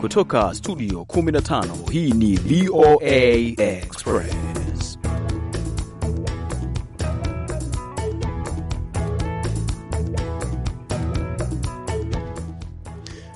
Kutoka studio 15 hii ni VOA Express.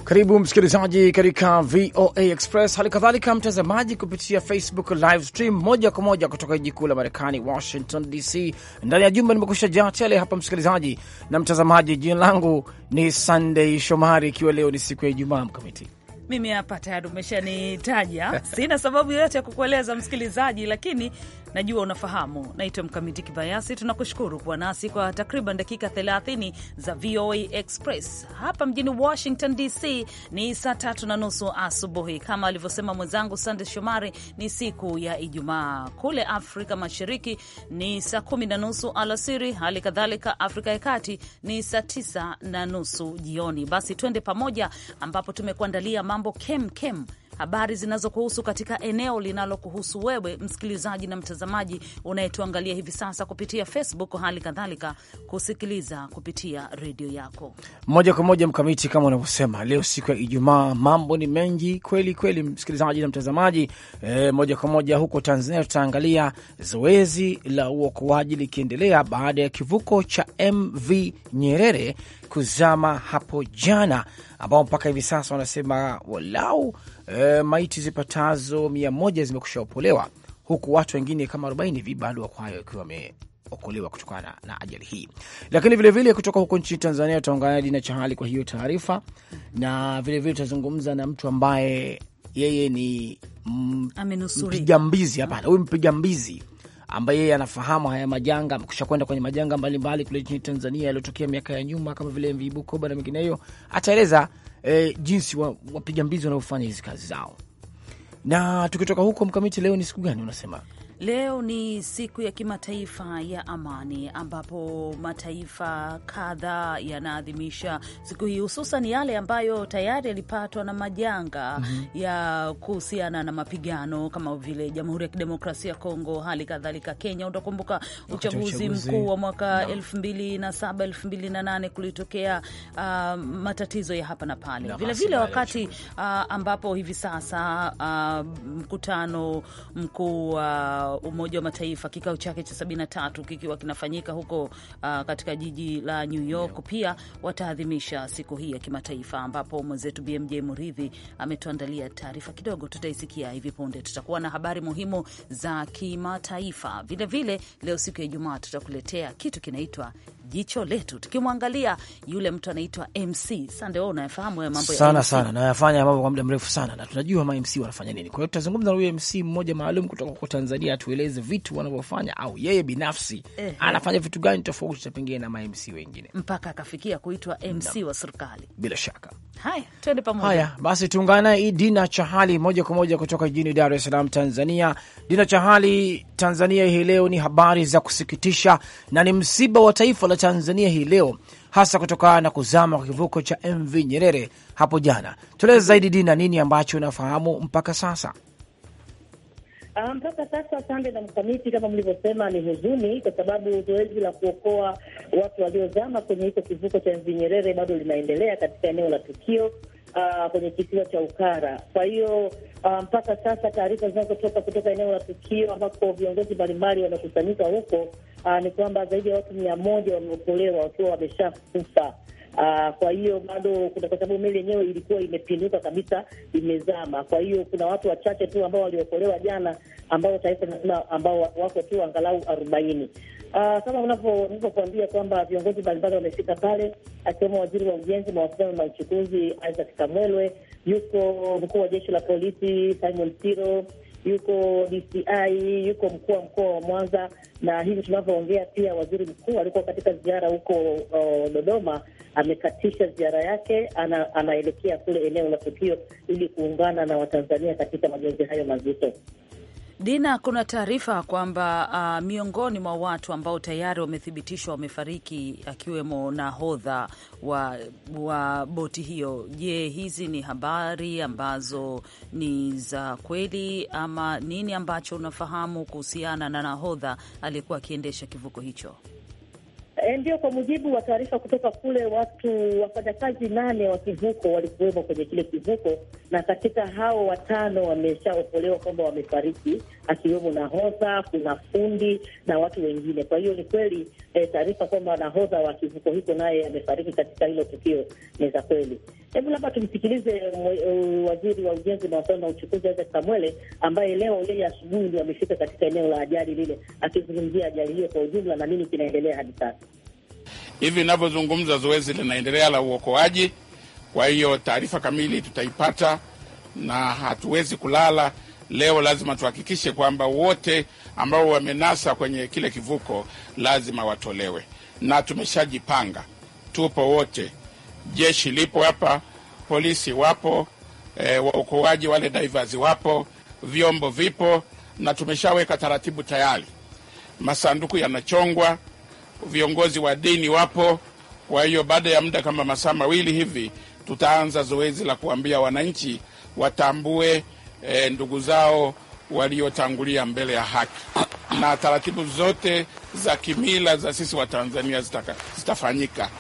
Karibu msikilizaji katika VOA Express, hali kadhalika mtazamaji kupitia Facebook live stream moja kwa moja kutoka jiji kuu la Marekani, Washington DC. Ndani ya jumba nimekusha jaa tele hapa, msikilizaji na mtazamaji. Jina langu ni Sandey Shomari, ikiwa leo ni siku ya Ijumaa mkamiti mimi hapa tayari umeshanitaja, sina sababu yoyote ya kukueleza msikilizaji, lakini najua unafahamu. Naitwa Mkamiti Kibayasi, tunakushukuru kuwa nasi kwa takriban dakika 30 za VOA Express hapa mjini Washington DC. Ni saa tatu na nusu asubuhi. Kama alivyosema mwenzangu Sande Shomari, ni siku ya Ijumaa. Kule Afrika Mashariki ni saa kumi na nusu alasiri, hali kadhalika Afrika ya Kati ni saa tisa na nusu jioni. Basi twende pamoja, ambapo tumekuandalia mambo kem kem habari zinazokuhusu katika eneo linalokuhusu wewe, msikilizaji na mtazamaji unayetuangalia hivi sasa kupitia Facebook, hali kadhalika kusikiliza kupitia redio yako moja kwa moja. Mkamiti, kama unavyosema, leo siku ya Ijumaa, mambo ni mengi kweli kweli, msikilizaji na mtazamaji e, moja kwa moja huko Tanzania tutaangalia zoezi la uokoaji likiendelea baada ya kivuko cha MV Nyerere kuzama hapo jana, ambao mpaka hivi sasa wanasema walau e, maiti zipatazo mia moja zimekusha opolewa huku watu wengine kama 40 hivi bado wako hayo wakiwa wameokolewa kutokana na ajali hii. Lakini vilevile vile kutoka huko nchini Tanzania tutaungana Dina Chahali kwa hiyo taarifa, na vilevile tutazungumza na mtu ambaye yeye ni mpiga mbizi, hapana, huyu mpiga mbizi ambaye yeye anafahamu haya majanga, amekusha kwenda kwenye majanga mbalimbali kule nchini Tanzania yaliyotokea miaka ya nyuma kama vile mviibukoba na mengineyo. Ataeleza eh, jinsi wapiga mbizi wanaofanya hizi kazi zao. Na tukitoka huko, Mkamiti, leo ni siku gani unasema? Leo ni siku ya kimataifa ya amani ambapo mataifa kadhaa yanaadhimisha siku hii, hususan yale ambayo tayari yalipatwa na majanga mm -hmm. ya kuhusiana na mapigano kama vile Jamhuri ya Kidemokrasia ya Kongo, hali kadhalika Kenya. Utakumbuka uchaguzi mkuu wa mwaka elfu mbili na saba elfu mbili na nane kulitokea uh, matatizo ya hapa na pale, vilevile wakati uh, ambapo hivi sasa uh, mkutano mkuu uh, Uh, Umoja wa Mataifa kikao chake cha 73 kikiwa kinafanyika huko uh, katika jiji la New York yeah. Pia wataadhimisha siku hii ya kimataifa, ambapo mwenzetu BMJ Muridhi ametuandalia taarifa kidogo, tutaisikia hivi punde. Tutakuwa na habari muhimu za kimataifa vilevile. Leo siku ya Ijumaa tutakuletea kitu kinaitwa jicho letu, tukimwangalia yule mtu anaitwa MC Sande. Wewe unayafahamu hayo mambo sana ya sana, nayafanya mambo kwa muda mrefu sana, na tunajua ma MC wanafanya nini. Kwa hiyo tutazungumza na huyo MC mmoja maalum kutoka huko Tanzania, atueleze vitu wanavyofanya au yeye binafsi eh, anafanya vitu gani tofauti pengine na ma MC wengine mpaka akafikia kuitwa MC no. wa serikali bila shaka. Haya, twende pamoja. Haya basi, tuungane naye Dina Chahali moja kwa moja kutoka jijini Dar es Salaam, Tanzania. Dina Chahali, Tanzania hii leo ni habari za kusikitisha na ni msiba wa taifa la Tanzania hii leo, hasa kutokana na kuzama kwa kivuko cha MV Nyerere hapo jana. Tueleze zaidi Dina, nini ambacho unafahamu mpaka sasa? Ah, mpaka um, sasa sande na mkamiti, kama mlivyosema, ni huzuni kwa sababu zoezi la kuokoa watu waliozama kwenye hicho kivuko cha MV Nyerere bado linaendelea katika eneo la tukio uh, kwenye kisiwa cha Ukara. Kwa hiyo uh, mpaka um, sasa taarifa zinazotoka kutoka eneo la tukio ambapo viongozi mbalimbali wamekusanyika huko uh, ni kwamba zaidi ya watu mia moja wameokolewa wakiwa wameshakufa. Uh, kwa hiyo bado kuna, kwa sababu meli yenyewe ilikuwa imepinduka kabisa, imezama. Kwa hiyo kuna watu wachache tu ambao waliokolewa jana, ambao taifa nasema, ambao wako tu angalau arobaini. Uh, kama unavyokuambia kwamba viongozi mbalimbali wamefika pale, akiwemo waziri wa ujenzi, mawasiliano na uchukuzi Isaac Kamwelwe, yuko mkuu wa jeshi la polisi Simon Siro, yuko DCI, yuko mkuu wa mkoa wa Mwanza, na hivi tunavyoongea pia waziri mkuu alikuwa katika ziara huko uh, Dodoma, amekatisha ziara yake, ana, anaelekea kule eneo la tukio ili kuungana na Watanzania katika majonzi hayo mazito. Dina, kuna taarifa kwamba uh, miongoni mwa watu ambao tayari wamethibitishwa wamefariki akiwemo nahodha wa, wa boti hiyo. Je, hizi ni habari ambazo ni za kweli ama nini ambacho unafahamu kuhusiana na nahodha aliyekuwa akiendesha kivuko hicho? E, ndio kwa mujibu wa taarifa kutoka kule, watu wafanyakazi nane wa kivuko walikuwemo kwenye kile kivuko, na katika hao watano wameshaokolewa kwamba wamefariki, akiwemo nahodha, kuna fundi na watu wengine. Kwa hiyo ni kweli e, taarifa kwamba nahodha wa kivuko hiko naye amefariki katika hilo tukio ni za kweli. Hebu labda tumsikilize eh, waziri wa ujenzi, mawasiliano na uchukuzi Isaac Samuele, ambaye leo yeye asubuhi ndio amefika katika eneo la ajali lile, akizungumzia ajali hiyo kwa ujumla na nini kinaendelea hadi sasa. Hivi inavyozungumza, zoezi linaendelea la uokoaji, kwa hiyo taarifa kamili tutaipata, na hatuwezi kulala leo. Lazima tuhakikishe kwamba wote ambao wamenasa kwenye kile kivuko lazima watolewe, na tumeshajipanga, tupo wote. Jeshi lipo hapa, polisi wapo, e, waokoaji wale divers wapo, vyombo vipo, na tumeshaweka taratibu tayari, masanduku yanachongwa viongozi wa dini wapo. Kwa hiyo baada ya muda kama masaa mawili hivi tutaanza zoezi la kuambia wananchi watambue e, ndugu zao waliotangulia mbele ya haki na taratibu zote za kimila za sisi wa tanzania zitafanyika.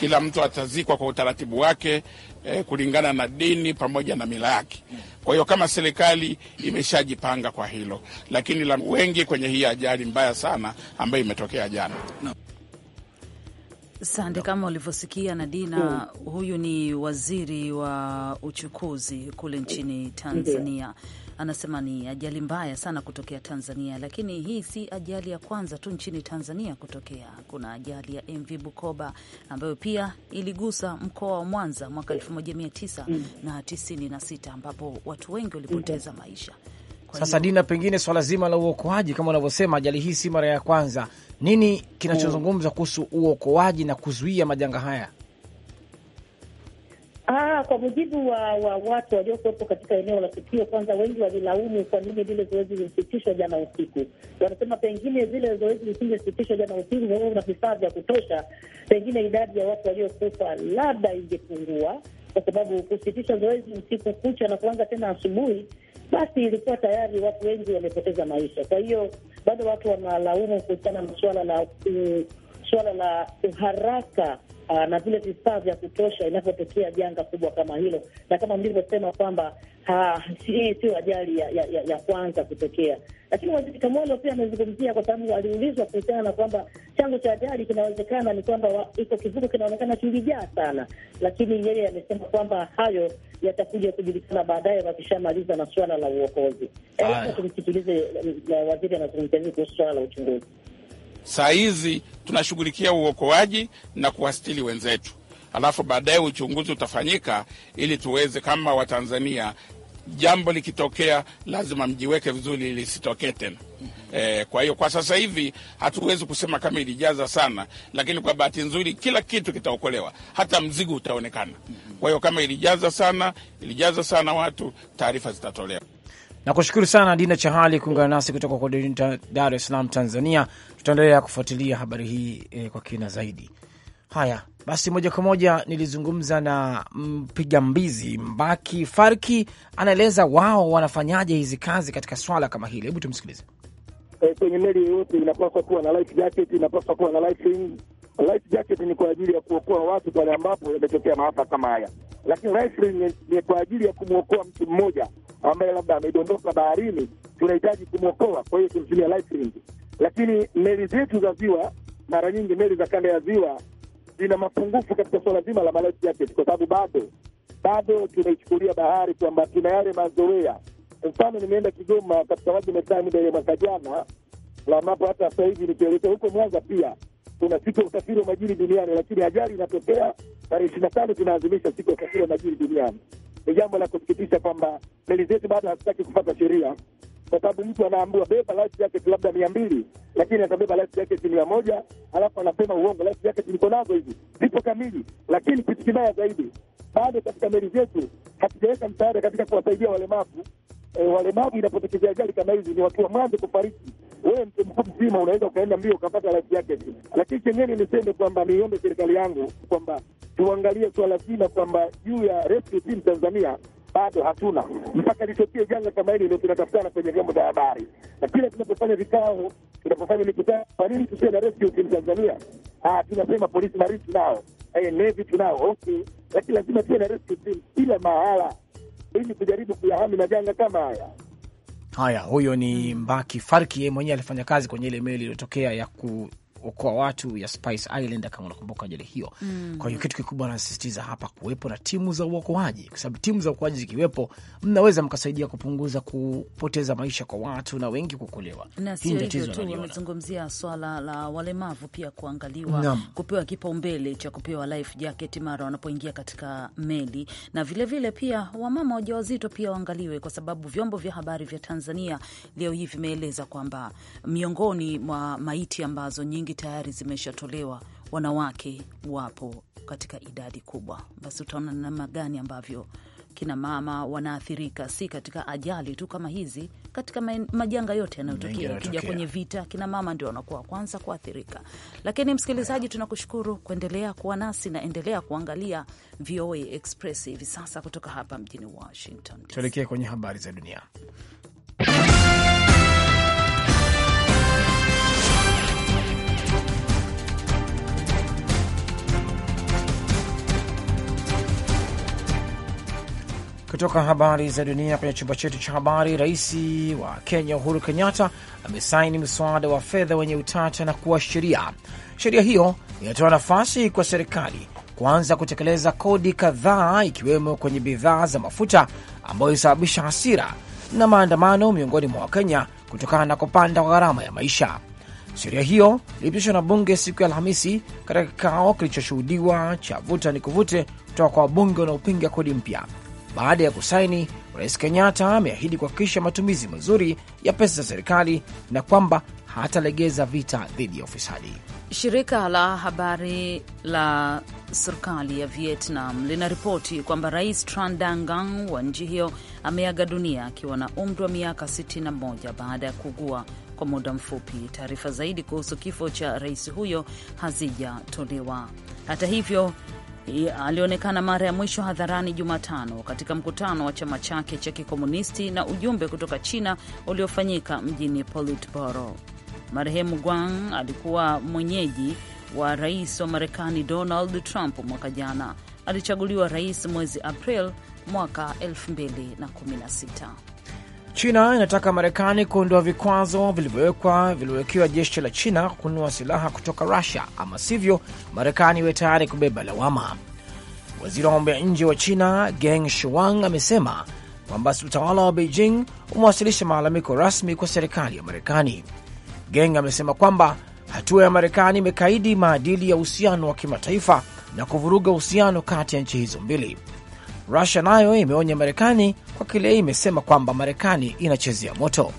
Kila mtu atazikwa kwa utaratibu wake eh, kulingana na dini pamoja na mila yake. Kwa hiyo kama serikali imeshajipanga kwa hilo, lakini la wengi kwenye hii ajali mbaya sana ambayo imetokea jana no. Sande, kama ulivyosikia Nadina, mm. huyu ni waziri wa uchukuzi kule nchini Tanzania. Ndiyo anasema ni ajali mbaya sana kutokea Tanzania, lakini hii si ajali ya kwanza tu nchini Tanzania kutokea. Kuna ajali ya MV Bukoba ambayo pia iligusa mkoa wa Mwanza mwaka 1996 mm. ambapo watu wengi walipoteza mm. maisha. Kwa sasa Dina, pengine swala zima la uokoaji kama unavyosema, ajali hii si mara ya kwanza. Nini kinachozungumza kuhusu uokoaji na kuzuia majanga haya? Ah, kwa mujibu wa, wa watu waliokuwepo katika eneo la tukio, kwanza wengi walilaumu kwa nini lile zoezi lilisitishwa jana usiku. Wanasema pengine zile zoezi lisingesitishwa jana usiku, kwa na vifaa vya kutosha, pengine idadi ya watu waliokufa labda ingepungua, kwa sababu kusitisha zoezi usiku kucha na kuanza tena asubuhi, basi ilikuwa tayari watu wengi wamepoteza maisha. Kwa hiyo bado watu wanalaumu kuhusiana na suala la uh, suala la uharaka uh, na vile vifaa vya kutosha inavyotokea janga kubwa kama hilo, na kama mlivyosema kwamba hii uh, sio ajali ya, ya, ya, ya kwanza kutokea. Lakini waziri Kamolo pia amezungumzia, kwa sababu aliulizwa kuhusiana na kwamba chanzo cha ajali kinawezekana ni kwamba iko kivuko kinaonekana kilijaa sana, lakini yeye amesema kwamba hayo yatakuja kujulikana baadaye wakishamaliza na suala la uokozi. Hebu tumsikilize eh, waziri anazungumzia kuhusu suala la uchunguzi. Saa hizi tunashughulikia uokoaji na kuwastili wenzetu, alafu baadaye uchunguzi utafanyika ili tuweze kama Watanzania, jambo likitokea lazima mjiweke vizuri lisitokee tena. E, kwa hiyo kwa sasa hivi hatuwezi kusema kama ilijaza sana, lakini kwa bahati nzuri kila kitu kitaokolewa, hata mzigo utaonekana. Mhm. Kwa hiyo kama ilijaza sana, ilijaza sana watu, taarifa zitatolewa. Nakushukuru sana Dina Chahali kuungana nasi kutoka kwa Dar es Salaam, Tanzania. Tutaendelea kufuatilia habari hii eh, kwa kina zaidi. Haya basi, moja kwa moja nilizungumza na mpiga mbizi Mbaki Farki, anaeleza wao wanafanyaje hizi kazi katika swala kama hili. Hebu tumsikilize. E, kwenye meli yoyote inapaswa kuwa na life jacket, inapaswa kuwa na life ring. Life jacket ni kwa ajili ya kuokoa watu pale ambapo yametokea maafa kama haya, lakini life ring ni kwa ajili ya kumwokoa mtu mmoja ambaye labda amedondoka baharini, tunahitaji kumwokoa, kwa hiyo tumtumia life Lakini meli zetu za ziwa, mara nyingi meli za kanda ya ziwa zina mapungufu katika suala zima la life jacket, kwa sababu bado bado tunaichukulia bahari kwamba tuna yale mazoea. Mfano, nimeenda Kigoma katika maji mekaa muda ya mwaka jana Lamapo, hata sasa hivi nikielekea huko Mwanza pia kuna siku ya usafiri wa majini duniani, lakini ajali inatokea tarehe ishirini na tano. Tunaadhimisha siku ya usafiri wa majini duniani ni jambo la kusikitisha kwamba meli zetu bado hazitaki kupata sheria, kwa sababu mtu anaambiwa beba life jacket labda mia mbili, lakini atabeba life jacket mia moja alafu anasema uongo, life jacket niko nazo hizi zipo kamili. Lakini kitu kibaya zaidi, bado katika meli zetu hatujaweka msaada katika kuwasaidia walemavu. E, walemavu inapotokezea ajali kama hizi ni watu wa mwanzo kufariki wewe mtu mzima unaweza ukaenda mbio ukapata laki yake tu. Lakini chenyewe niseme kwamba niombe serikali yangu kwamba tuangalie swala zima kwamba juu ya rescue team Tanzania bado hatuna mpaka litokee janga kama hili, ndio tunatafutana kwenye vyombo vya habari na kila tunapofanya vikao, tunapofanya mikutano. Kwa nini tusiwe na rescue team Tanzania? Ah, tunasema polisi marine tunao, eh, navy tunao, okay, lakini lazima tuwe na rescue team kila mahala ili kujaribu kuyahami majanga kama haya. Haya, huyo ni Mbaki Farki, yeye mwenyewe alifanya kazi kwenye ile meli iliyotokea ya ku kuokoa watu ya Spice Island, kama unakumbuka ajali hiyo mm. Kwa hiyo kitu kikubwa anasisitiza hapa kuwepo na timu za uokoaji, kwa sababu timu za uokoaji zikiwepo, mnaweza mkasaidia kupunguza kupoteza maisha kwa watu na wengi kukolewa. Na sio hivyo tu, wamezungumzia swala la walemavu pia kuangaliwa Nam. kupewa kipaumbele cha kupewa life jacket mara wanapoingia katika meli, na vilevile vile pia wamama wajawazito pia waangaliwe, kwa sababu vyombo vya habari vya Tanzania leo hii vimeeleza kwamba miongoni mwa maiti ambazo nyingi nyingi tayari zimeshatolewa, wanawake wapo katika idadi kubwa. Basi utaona namna gani ambavyo kina mama wanaathirika, si katika ajali tu kama hizi, katika majanga yote yanayotokea. Ukija kwenye vita, kina mama ndio wanakuwa wa kwanza kuathirika. Lakini msikilizaji, tunakushukuru kuendelea kuwa nasi na endelea kuangalia VOA Express hivi sasa kutoka hapa mjini Washington. Tuelekee kwenye habari za dunia. Kutoka habari za dunia kwenye chumba chetu cha habari, rais wa Kenya Uhuru Kenyatta amesaini mswada wa fedha wenye utata na kuwa sheria. Sheria hiyo inatoa nafasi kwa serikali kuanza kutekeleza kodi kadhaa, ikiwemo kwenye bidhaa za mafuta, ambayo ilisababisha hasira na maandamano miongoni mwa Wakenya kutokana na kupanda kwa gharama ya maisha. Sheria hiyo ilipitishwa na bunge siku ya Alhamisi katika kikao kilichoshuhudiwa cha vuta ni kuvute kutoka kwa wabunge wanaopinga kodi mpya. Baada ya kusaini, Rais Kenyatta ameahidi kuhakikisha matumizi mazuri ya pesa za serikali na kwamba hatalegeza vita dhidi ya ufisadi. Shirika la habari la serikali ya Vietnam linaripoti kwamba Rais Tran wa nchi hiyo ameaga dunia akiwa na umri wa miaka 61 baada ya kuugua kwa muda mfupi. Taarifa zaidi kuhusu kifo cha rais huyo hazijatolewa. Hata hivyo alionekana mara ya mwisho hadharani Jumatano katika mkutano wa chama chake cha kikomunisti na ujumbe kutoka China uliofanyika mjini Politburo. Marehemu Gwang alikuwa mwenyeji wa rais wa Marekani Donald Trump mwaka jana. Alichaguliwa rais mwezi April mwaka 2016. China inataka Marekani kuondoa vikwazo vilivyowekwa vilivyowekewa jeshi la China kununua silaha kutoka Rusia, ama sivyo Marekani iwe tayari kubeba lawama. Waziri wa mambo ya nje wa China Geng Shuang amesema kwamba utawala wa Beijing umewasilisha malalamiko rasmi kwa serikali ya Marekani. Geng amesema kwamba hatua ya Marekani imekaidi maadili ya uhusiano wa kimataifa na kuvuruga uhusiano kati ya nchi hizo mbili. Rusia nayo imeonya Marekani kwa kile imesema kwamba Marekani inachezea moto.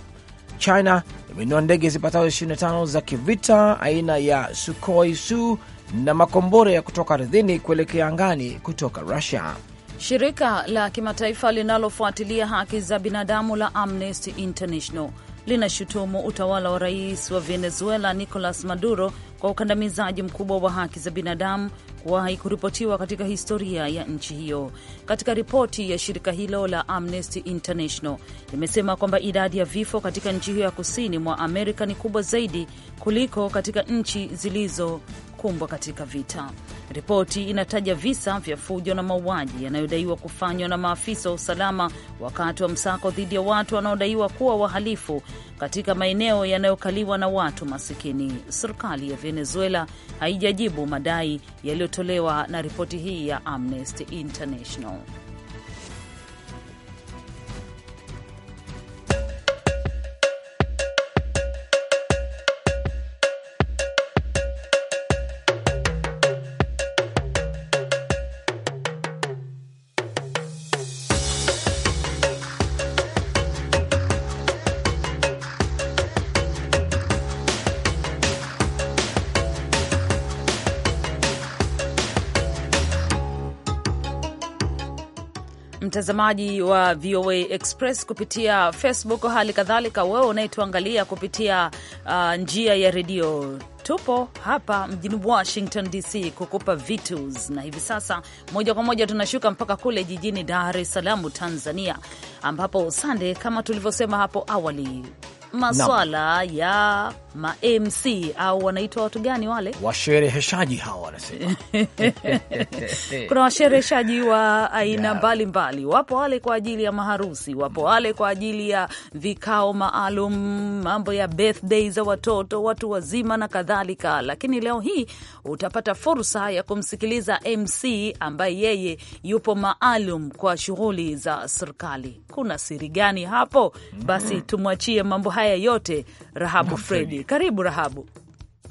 China imenunua ndege zipatazo 25 za kivita aina ya Sukhoi Su na makombora ya kutoka ardhini kuelekea angani kutoka Rusia. Shirika la kimataifa linalofuatilia haki za binadamu la Amnesty International linashutumu utawala wa rais wa Venezuela Nicolas Maduro kwa ukandamizaji mkubwa wa haki za binadamu kuwahi kuripotiwa katika historia ya nchi hiyo. Katika ripoti ya shirika hilo la Amnesty International limesema kwamba idadi ya vifo katika nchi hiyo ya kusini mwa Amerika ni kubwa zaidi kuliko katika nchi zilizokumbwa katika vita. Ripoti inataja visa vya fujo na mauaji yanayodaiwa kufanywa na maafisa wa usalama wakati wa msako dhidi ya watu wanaodaiwa kuwa wahalifu katika maeneo yanayokaliwa na watu masikini. Serikali ya Venezuela haijajibu madai yaliyotolewa na ripoti hii ya Amnesty International. mtazamaji wa VOA Express kupitia Facebook, hali kadhalika wewe unayetuangalia kupitia uh, njia ya redio. Tupo hapa mjini Washington DC kukupa vitus, na hivi sasa moja kwa moja tunashuka mpaka kule jijini Dar es Salaam, Tanzania, ambapo Sande, kama tulivyosema hapo awali, maswala no. ya ma MC au wanaitwa watu gani wale washereheshaji hawa wanasema. Kuna washereheshaji wa aina mbalimbali, wapo wale kwa ajili ya maharusi, wapo wale kwa ajili ya vikao maalum, mambo ya birthday za watoto, watu wazima na kadhalika. Lakini leo hii utapata fursa ya kumsikiliza MC ambaye yeye yupo maalum kwa shughuli za serikali. Kuna siri gani hapo? Basi mm. tumwachie mambo haya yote Rahabu Fredi. Karibu Rahabu.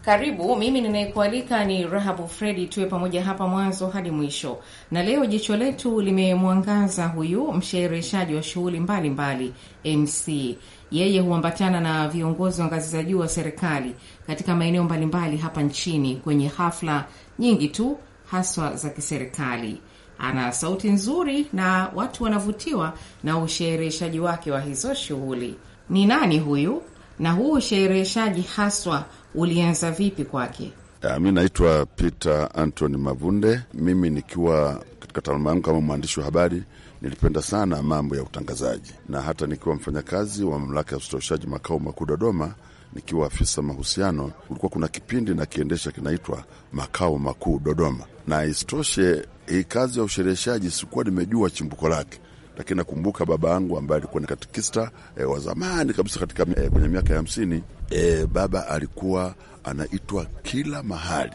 Karibu. Mimi ninayekualika ni Rahabu Fredi, tuwe pamoja hapa mwanzo hadi mwisho. Na leo jicho letu limemwangaza huyu mshereheshaji wa shughuli mbalimbali, MC. Yeye huambatana na viongozi wa ngazi za juu wa serikali katika maeneo mbalimbali hapa nchini kwenye hafla nyingi tu, haswa za kiserikali. Ana sauti nzuri na watu wanavutiwa na ushereheshaji wake wa hizo shughuli. Ni nani huyu? na huu ushereheshaji haswa ulianza vipi kwake? Eh, mi naitwa Peter antony Mavunde. Mimi nikiwa katika taaluma yangu kama mwandishi wa habari nilipenda sana mambo ya utangazaji, na hata nikiwa mfanyakazi wa mamlaka ya ustoshaji makao makuu Dodoma, nikiwa afisa mahusiano, kulikuwa kuna kipindi nakiendesha kinaitwa makao makuu Dodoma. Na isitoshe, hii kazi ya ushereheshaji sikuwa nimejua chimbuko lake lakini nakumbuka baba yangu ambaye alikuwa ni katikista e, eh, wa zamani kabisa katika e, kwenye miaka ya hamsini. E, baba alikuwa anaitwa kila mahali,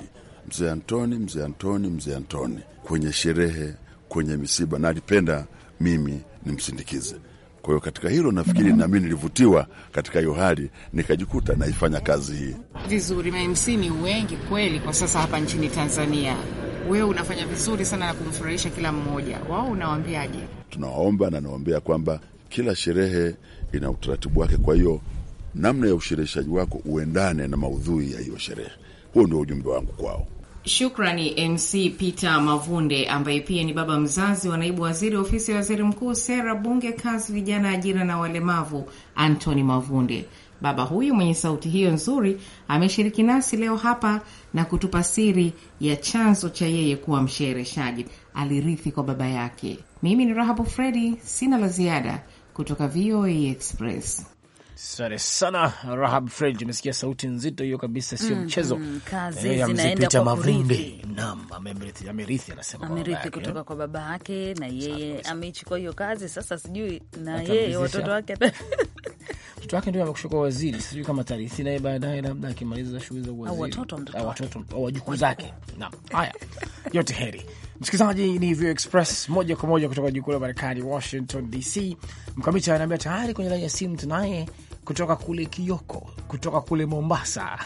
mzee Antoni, mzee Antoni, mzee Antoni, kwenye sherehe, kwenye misiba, na alipenda mimi nimsindikize. Kwa hiyo katika hilo nafikiri nami nilivutiwa katika hiyo hali, nikajikuta naifanya kazi hii vizuri. Ma MC ni wengi kweli kwa sasa hapa nchini Tanzania wewe unafanya vizuri sana na kumfurahisha kila mmoja wao, unawaambiaje? Tunawaomba na nawaambia kwamba kila sherehe ina utaratibu wake, kwa hiyo namna ya ushereheshaji wako uendane na maudhui ya hiyo sherehe. Huo ndio ujumbe wangu kwao. Shukrani MC Peter Mavunde, ambaye pia ni baba mzazi wa naibu waziri ofisi ya waziri mkuu, sera, bunge, kazi, vijana, ajira na walemavu, Antony Mavunde. Baba huyu mwenye sauti hiyo nzuri ameshiriki nasi leo hapa na kutupa siri ya chanzo cha yeye kuwa mshereheshaji. Alirithi kwa baba yake. Mimi ni Rahabu Fredi, sina la ziada kutoka VOA Express. Sare sana Rahab Fred, umesikia sauti nzito hiyo kabisa, sio mm, mchezo. Mm, eh, Mzipita Mavumbi nam amerithi, anasema amerithi kutoka eh. kwa baba yake, na yeye ameichukua hiyo kazi sasa. Sijui na yeye watoto wake mtoto wake ndio amekushukua waziri, sijui kama tarithi naye baadaye, labda akimaliza shughuli za uwaziri au watoto au wajukuu zake. Naam, haya yote heri. Msikilizaji, ni View Express moja kwa moja kutoka jikuu la Marekani, Washington DC. Mkamiti anaambia tayari kwenye laini ya simu tunaye kutoka kule Kioko, kutoka kule Mombasa.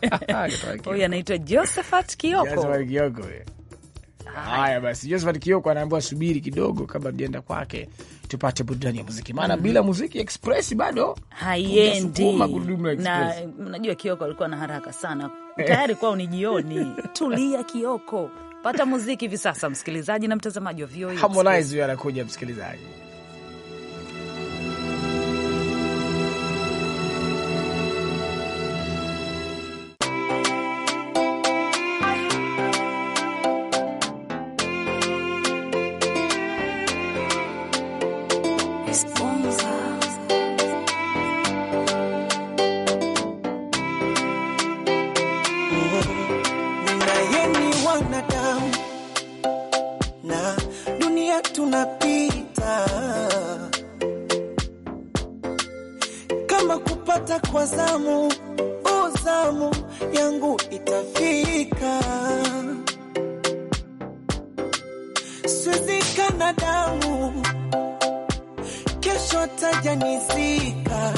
Huyu anaitwa Josephat Kioko. Haya basi, Josephat Kioko anaambiwa subiri kidogo kabla tujaenda kwake tupate burudani ya muziki, maana mm, bila mm-hmm. muziki express bado haiendi. Na unajua Kioko alikuwa na haraka sana tayari kwao ni jioni. Tulia Kioko, pata muziki hivi sasa, msikilizaji na mtazamaji wa VOA. Harmonize anakuja msikilizaji kupita, kama kupata kwa zamu, uzamu yangu itafika, swizikana damu, kesho tajanizika,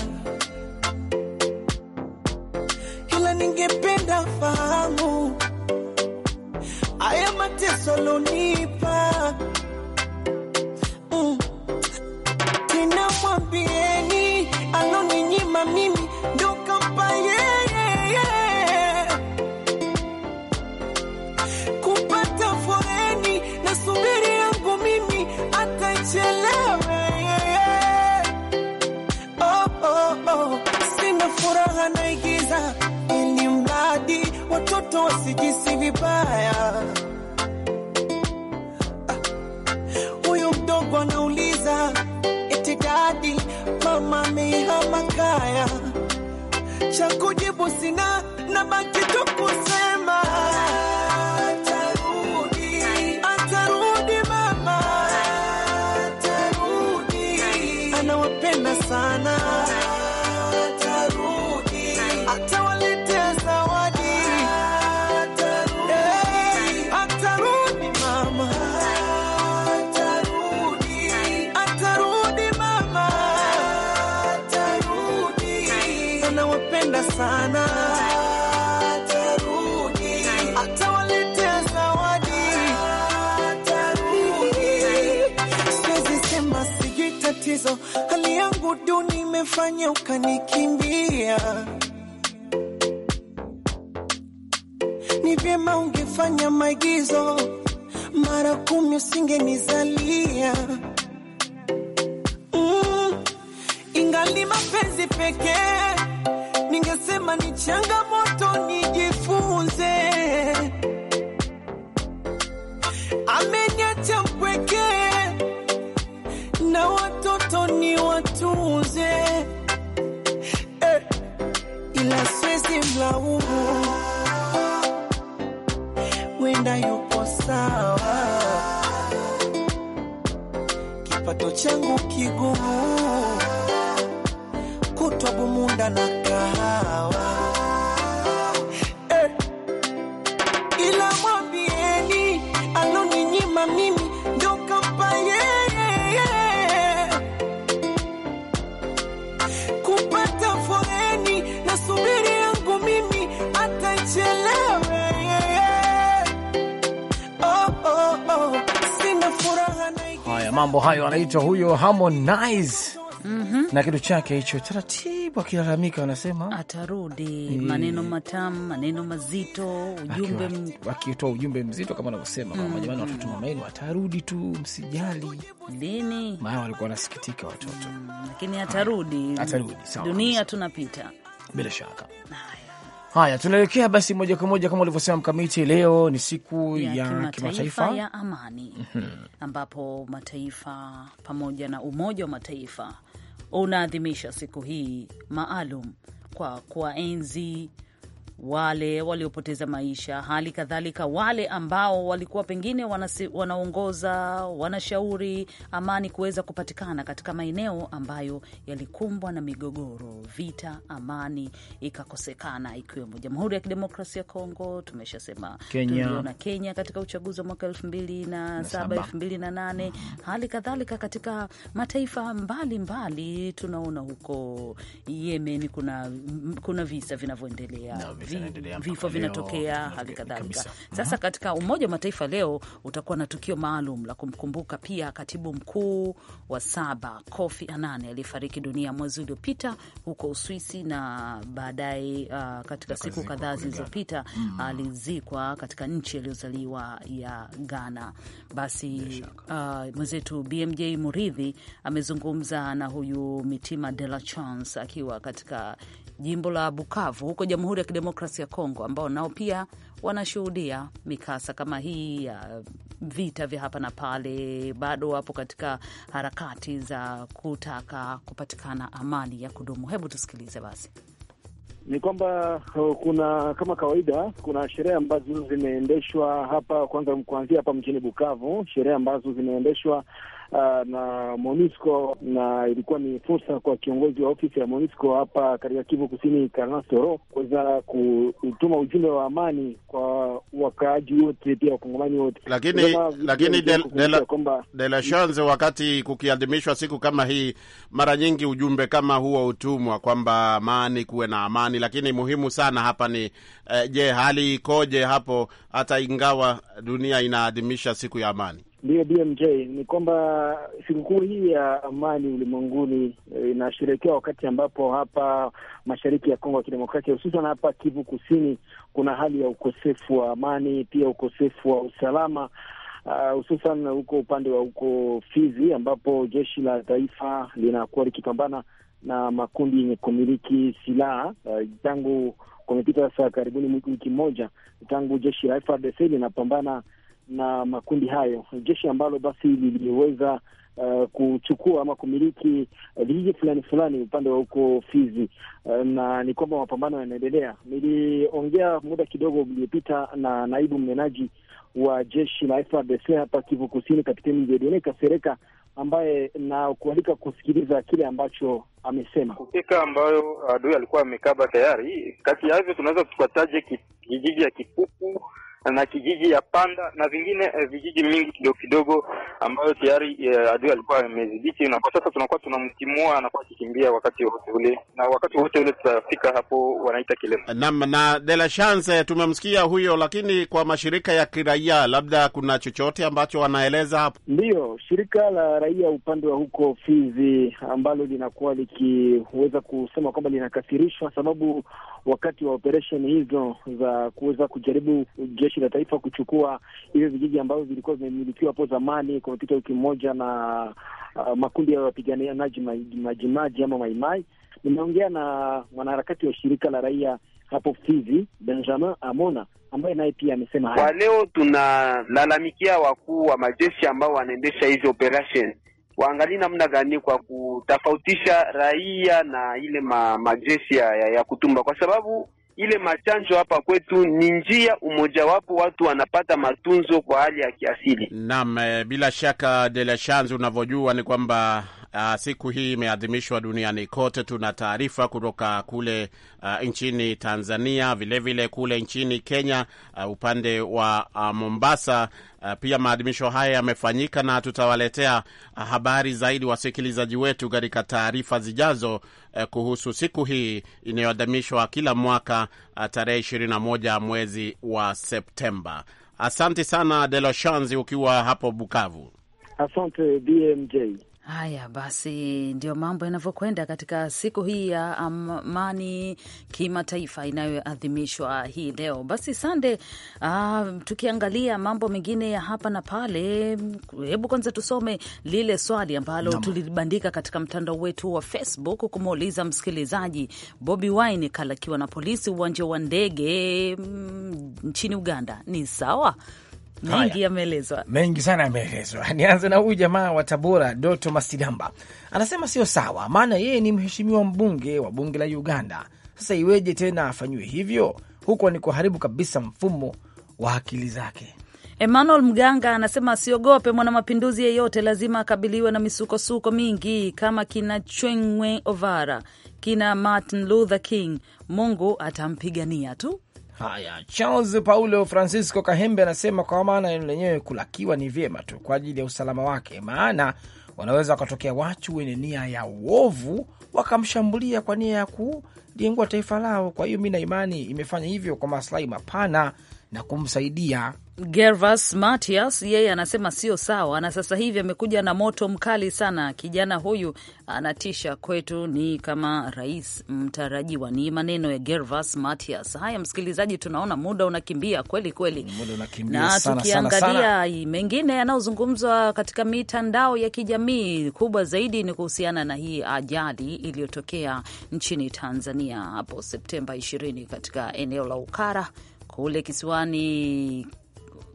ila ningependa fahamu aya mateso lonipa Niambieni aloninyima mimi ndo kampa yeye, kupata foreni na subiri yangu mimi atachelewe. Oh, oh, oh. Sina furaha naigiza, ili mradi watoto wasijisi vibaya ulinifanya ukanikimbia, ni vyema ungefanya maigizo mara kumi, usingenizalia mm. Ingali mapenzi pekee, ningesema ni changamoto nijifu. changu kigumu kutwa bumunda na kahawa mambo hayo, anaitwa huyo Harmonize mm -hmm. na kitu chake hicho, taratibu akilalamika, wanasema atarudi mm. maneno matamu, maneno mazito, ujumbe wakitoa ujumbe mzito kama anavyosema mm. Mhm. mama, jamani, watoto mamaenu atarudi tu, msijali dini, maana walikuwa wanasikitika watoto, mm, lakini atarudi, atarudi. Sawa, dunia tunapita bila shaka Hai. Haya, tunaelekea basi moja kwa moja kama ulivyosema Mkamiti, leo ni siku ya, ya kimataifa ya amani mhm. ambapo mataifa pamoja na Umoja wa Mataifa unaadhimisha siku hii maalum kwa kuwaenzi wale waliopoteza maisha, hali kadhalika wale ambao walikuwa pengine wanasi, wanaongoza wanashauri amani kuweza kupatikana katika maeneo ambayo yalikumbwa na migogoro, vita, amani ikakosekana, ikiwemo Jamhuri ya Kidemokrasia ya Kongo, tumeshasema tuliona Kenya katika uchaguzi wa mwaka elfu mbili na saba elfu mbili na nane hali kadhalika katika mataifa mbalimbali mbali, tunaona huko Yemen kuna, kuna visa vinavyoendelea vifo vinatokea, hali kadhalika. Sasa katika Umoja wa Mataifa leo utakuwa na tukio maalum la kumkumbuka pia katibu mkuu wa saba Kofi Annan aliyefariki dunia mwezi uliopita huko Uswisi, na baadaye uh, katika siku kadhaa zilizopita mm, alizikwa katika nchi aliyozaliwa ya Ghana. Basi uh, mwenzetu BMJ Muridhi amezungumza na huyu Mitima de la Chance akiwa katika jimbo la Bukavu huko Jamhuri ya Kidemokrasia ya Kongo, ambao nao pia wanashuhudia mikasa kama hii ya vita vya hapa na pale, bado wapo katika harakati za kutaka kupatikana amani ya kudumu. Hebu tusikilize basi. Ni kwamba uh, kuna kama kawaida, kuna sherehe ambazo zimeendeshwa hapa kwanza, kuanzia hapa mjini Bukavu, sherehe ambazo zimeendeshwa Ah, na MONUSCO na ilikuwa ni fursa kwa kiongozi wa ofisi ya MONUSCO hapa katika Kivu Kusini, Laurent kuweza kutuma ujumbe wa amani kwa wakaaji wote, pia wakongomani wote. Lakini lakini de la chance, wakati kukiadhimishwa siku kama hii, mara nyingi ujumbe kama huo hutumwa kwamba amani, kuwe na amani, lakini muhimu sana hapa ni eh, je, hali ikoje hapo, hata ingawa dunia inaadhimisha siku ya amani? Ndiyo BMJ, ni kwamba sikukuu hii ya amani ulimwenguni eh, inasherehekewa wakati ambapo hapa mashariki ya Kongo ya Kidemokrasia, hususan hapa Kivu Kusini, kuna hali ya ukosefu wa amani, pia ukosefu wa usalama ah, hususan uh, huko upande wa huko Fizi ambapo jeshi la taifa linakuwa likipambana na makundi yenye kumiliki silaha uh, tangu kumepita sasa karibuni wiki moja tangu jeshi la FARDC linapambana na makundi hayo, jeshi ambalo basi liliweza uh, kuchukua ama kumiliki eh, vijiji uh, fulani fulani upande wa huko Fizi uh, na ni kwamba mapambano yanaendelea. Niliongea muda kidogo uliopita na naibu mnenaji wa jeshi la FRDC hapa Kivu Kusini, Kapiteni Jedone Kasereka ambaye na kualika kusikiliza kile ambacho amesema kufika ambayo adui alikuwa amekaba tayari. Kati ya hivyo tunaweza tukataje kijiji ya kipuku na kijiji ya Panda na vingine eh, vijiji mingi kidogo kidogo ambayo tayari eh, adui alikuwa amedhibiti, na kwa sasa tunakuwa tunamtimua, anakuwa akikimbia wakati wote ule, na wakati wote ule tutafika hapo wanaita kilema. Naam, na de la chance eh, tumemsikia huyo, lakini kwa mashirika ya kiraia labda kuna chochote ambacho wanaeleza hapo? Ndiyo, shirika la raia upande wa huko Fizi ambalo linakuwa likiweza kusema kwamba linakasirishwa sababu wakati wa operesheni hizo za kuweza kujaribu jeshi la taifa kuchukua hivyo vijiji ambavyo vilikuwa vimemilikiwa hapo zamani kwa kupita wiki moja na uh, makundi ya wapiganaji majimaji ama maimai. Nimeongea na mwanaharakati wa shirika la raia hapo Fizi, Benjamin Amona ambaye naye pia amesema Kwa leo tunalalamikia wakuu wa majeshi ambao wanaendesha hizi operation waangalie namna gani kwa kutofautisha raia na ile ma, majeshi ya, ya, ya kutumba, kwa sababu ile machanjo hapa kwetu ni njia umojawapo watu wanapata matunzo kwa hali ya kiasili. Naam, eh, bila shaka de la chance, unavyojua ni kwamba Uh, siku hii imeadhimishwa duniani kote. Tuna taarifa kutoka kule uh, nchini Tanzania, vilevile vile kule nchini Kenya, uh, upande wa uh, Mombasa. Uh, pia maadhimisho haya yamefanyika na tutawaletea uh, habari zaidi wasikilizaji wetu katika taarifa zijazo uh, kuhusu siku hii inayoadhimishwa kila mwaka uh, tarehe 21 mwezi wa Septemba. Asante sana Deloshanzi ukiwa hapo Bukavu. Asante BMJ. Haya basi, ndio mambo yanavyokwenda katika siku hii ya amani kimataifa inayoadhimishwa hii leo. Basi sande. Uh, tukiangalia mambo mengine ya hapa na pale, hebu kwanza tusome lile swali ambalo tulibandika katika mtandao wetu wa Facebook kumuuliza msikilizaji, Bobi Wine kalakiwa na polisi uwanja wa ndege mm, nchini Uganda ni sawa? mengi yameelezwa, mengi sana yameelezwa. Nianze na huyu jamaa wa Tabora, Doto Masidamba, anasema sio sawa, maana yeye ni mheshimiwa mbunge wa bunge la Uganda. Sasa iweje tena afanyiwe hivyo? Huko ni kuharibu kabisa mfumo wa akili zake. Emmanuel Mganga anasema asiogope mwanamapinduzi yeyote, lazima akabiliwe na misukosuko mingi kama kina Chwengwe Ovara, kina Martin Luther King. Mungu atampigania tu. Haya, Charles Paulo Francisco Kahembe anasema kwa maana neno lenyewe kulakiwa ni vyema tu kwa ajili ya usalama wake, maana wanaweza wakatokea watu wenye nia ya uovu wakamshambulia kwa nia ya kuliengua taifa lao. Kwa hiyo mi na imani imefanya hivyo kwa maslahi mapana na kumsaidia. Gervas Matias yeye anasema sio sawa, na sasa hivi amekuja na moto mkali sana. Kijana huyu anatisha kwetu, ni kama rais mtarajiwa. Ni maneno ya Gervas Matias. Haya msikilizaji, tunaona muda unakimbia kweli kweli, na tukiangalia mengine yanayozungumzwa katika mitandao ya kijamii, kubwa zaidi ni kuhusiana na hii ajali iliyotokea nchini Tanzania hapo Septemba 20 katika eneo la Ukara kule kisiwani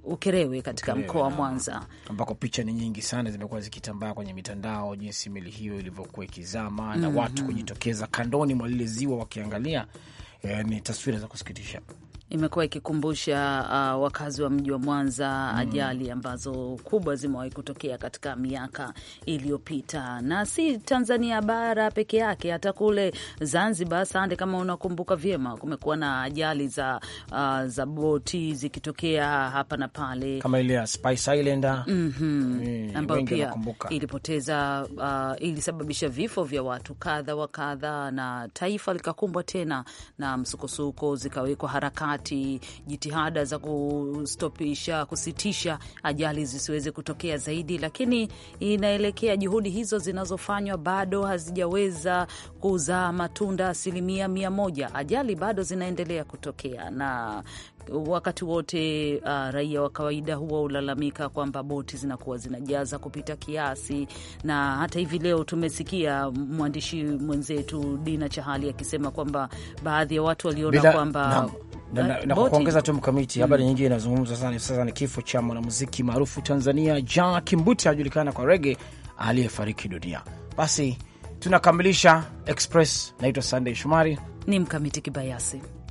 Ukerewe katika mkoa wa Mwanza, ambako picha ni nyingi sana zimekuwa zikitambaa kwenye mitandao jinsi meli hiyo ilivyokuwa ikizama, mm -hmm. na mhm, watu mhm. kujitokeza kandoni mwa lile ziwa wakiangalia. E, ni taswira za kusikitisha imekuwa ikikumbusha uh, wakazi wa mji wa Mwanza mm. ajali ambazo kubwa zimewahi kutokea katika miaka iliyopita, na si Tanzania bara peke yake, hata kule Zanzibar. Sande, kama unakumbuka vyema, kumekuwa na ajali za, uh, za boti zikitokea hapa na pale, kama ile ya Spice Islander ah. mm ambayo pia ilipoteza uh, ilisababisha vifo vya watu kadha wa kadha, na taifa likakumbwa tena na msukosuko, zikawekwa harakati wakati jitihada za kustopisha, kusitisha ajali zisiweze kutokea zaidi, lakini inaelekea juhudi hizo zinazofanywa bado hazijaweza kuzaa matunda asilimia mia moja. Ajali bado zinaendelea kutokea na wakati wote uh, raia wa kawaida huwa ulalamika kwamba boti zinakuwa zinajaza kupita kiasi, na hata hivi leo tumesikia mwandishi mwenzetu Dina Chahali akisema kwamba baadhi ya watu waliona kwamba uh, na, kwa kuongeza tu mkamiti, habari mm, nyingine inazungumzwa sana sasa ni kifo cha mwanamuziki maarufu Tanzania Ja kimbuti anajulikana kwa rege aliyefariki dunia. Basi tunakamilisha Express. Naitwa sandey shumari ni mkamiti kibayasi.